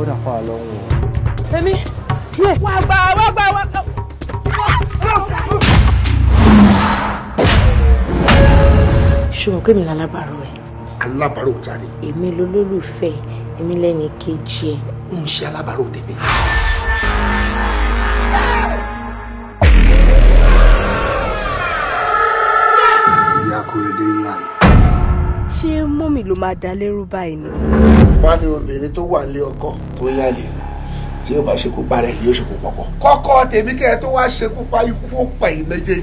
ó dàpọ̀ àlọ́hùn o. èmi wà gbà wà gbà wà. ṣùgbọ́n kémi lálábàárò ẹ̀. alábàárò ta ni. èmi lolólùfẹ́ èmi lẹ́ni kejì ẹ̀. ń ṣe alábàárò tèmi. ìyá kò lè dé ṣé mọ́mì ló máa dá lérú báyìí ni. wọ́n ní obìnrin tó wà lé ọkọ tó yálè tí yóò bá ṣekú pa rẹ̀ yóò ṣekú pọpọ. kọ́kọ́ tèmi kẹ́ tó wá ṣekú pa ikú pa yìí méjèèjì.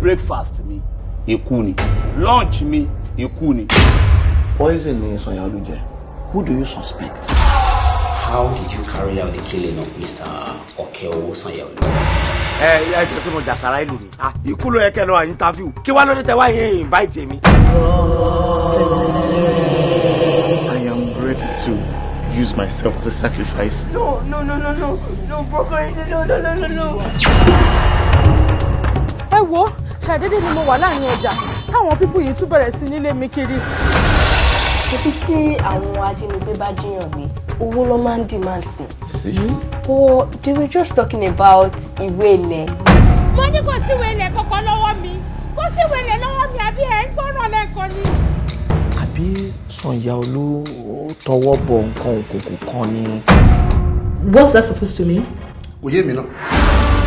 breakfast mi ikú ni lunch mi ikú ni. poison ni sanyalu jẹ who do you suspect. how did you carry out the killing of Mr. okeowo sanyalu ẹ ẹ tẹsí mo jàsára ìlú ni ah, ikú ló yẹ kẹ lọ interview kí wàá lóde tẹ wá yẹn invite mi. I am ready to. use myself as a sacrifice. No, no, no, no, no, no, Broker, no, no, no, no, no. Ẹ wo, ṣàdédé ni mo wà láàrin ọjà táwọn pípù yìí tún bẹ̀rẹ̀ sí nílé mi kiri. Ibi tí àwọn ajínigbé bá jiyàn gbé, owó ló máa ń demand fún. But they were just talking about ìwé ilẹ̀. Mo ní kò síwèé ilẹ̀ kankan lọ́wọ́ mi. Kò síwèé ilẹ̀ lọ́wọ́ mi àbí ẹ̀ ń gbọ́ràn lẹ́ẹ̀kan ni. Àbí Sànyà Olú tọwọ́ bọ nǹkan òkùnkùn kan ni. What's that supposed to mean? Òye mi náà.